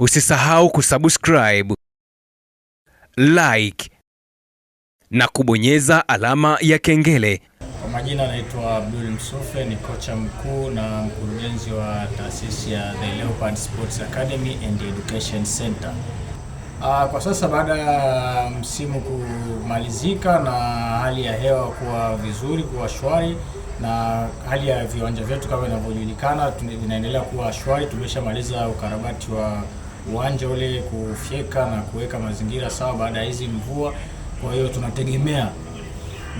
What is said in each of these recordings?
Usisahau kusubscribe, like na kubonyeza alama ya kengele. Kwa majina anaitwa Abdul Msufe, ni kocha mkuu na mkurugenzi wa taasisi ya The Leopard Sports Academy and Education Center. Ah, kwa sasa baada ya msimu kumalizika na hali ya hewa kuwa vizuri, kuwa shwari na hali ya viwanja vyetu kama inavyojulikana, vinaendelea kuwa shwari. Tumeshamaliza ukarabati wa uwanja ule kufyeka na kuweka mazingira sawa baada ya hizi mvua. Kwa hiyo tunategemea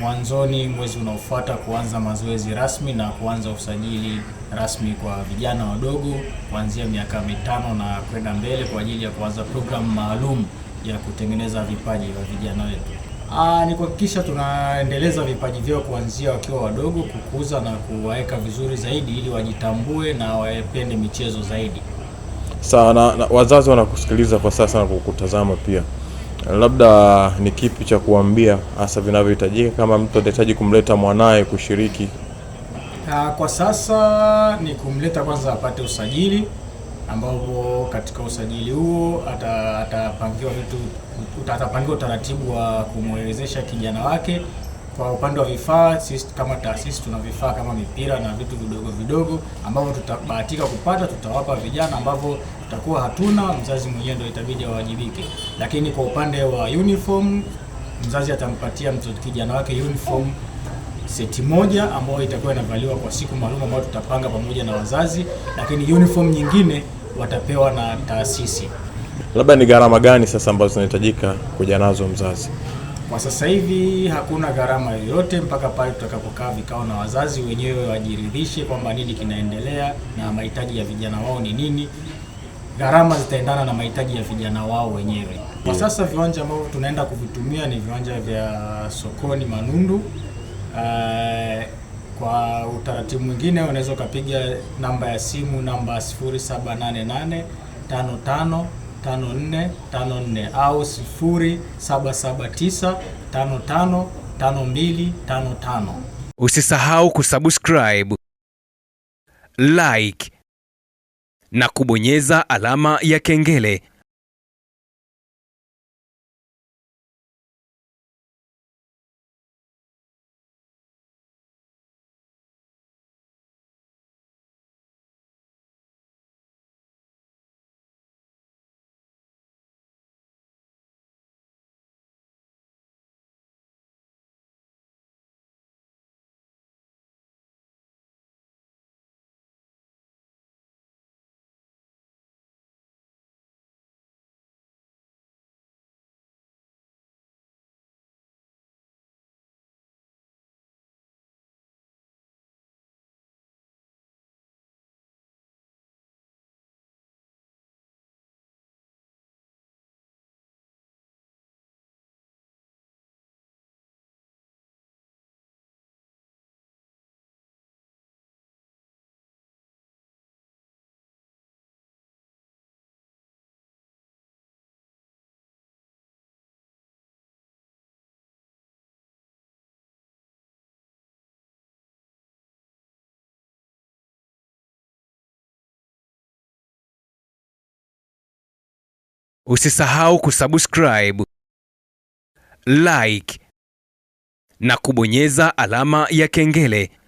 mwanzoni mwezi unaofuata kuanza mazoezi rasmi na kuanza usajili rasmi kwa vijana wadogo kuanzia miaka mitano na kwenda mbele kwa ajili ya kuanza programu maalum ya kutengeneza vipaji vya vijana wetu. Aa, ni kuhakikisha tunaendeleza vipaji vyao kuanzia wakiwa wadogo, kukuza na kuwaweka vizuri zaidi ili wajitambue na wapende michezo zaidi. Sawa na, na wazazi wanakusikiliza kwa sasa na kukutazama pia, labda ni kipi cha kuambia hasa vinavyohitajika kama mtu atahitaji kumleta mwanaye kushiriki? Ah, kwa sasa ni kumleta kwanza apate usajili, ambapo katika usajili huo atapangiwa vitu, atapangiwa utaratibu wa kumwelezesha kijana wake. Kwa upande wa vifaa, sisi kama taasisi tuna vifaa kama mipira na vitu vidogo vidogo ambavyo tutabahatika kupata, tutawapa vijana ambavyo tutakuwa hatuna, mzazi mwenyewe ndio itabidi awajibike. Lakini kwa upande wa uniform, mzazi atampatia mtoto kijana wake uniform seti moja ambayo itakuwa inavaliwa kwa siku maalum ambayo tutapanga pamoja na wazazi, lakini uniform nyingine watapewa na taasisi. Labda ni gharama gani sasa ambazo zinahitajika kuja nazo mzazi? Kwa sasa hivi hakuna gharama yoyote mpaka pale tutakapokaa vikao na wazazi wenyewe wajiridhishe kwamba nini kinaendelea na mahitaji ya vijana wao ni nini, gharama zitaendana na mahitaji ya vijana wao wenyewe. Kwa sasa viwanja ambavyo tunaenda kuvitumia ni viwanja vya sokoni Manundu. Eh, kwa utaratibu mwingine unaweza ukapiga namba ya simu namba 0788 55 au 0779 Usisahau kusubscribe, like na kubonyeza alama ya kengele. Usisahau kusubscribe, like na kubonyeza alama ya kengele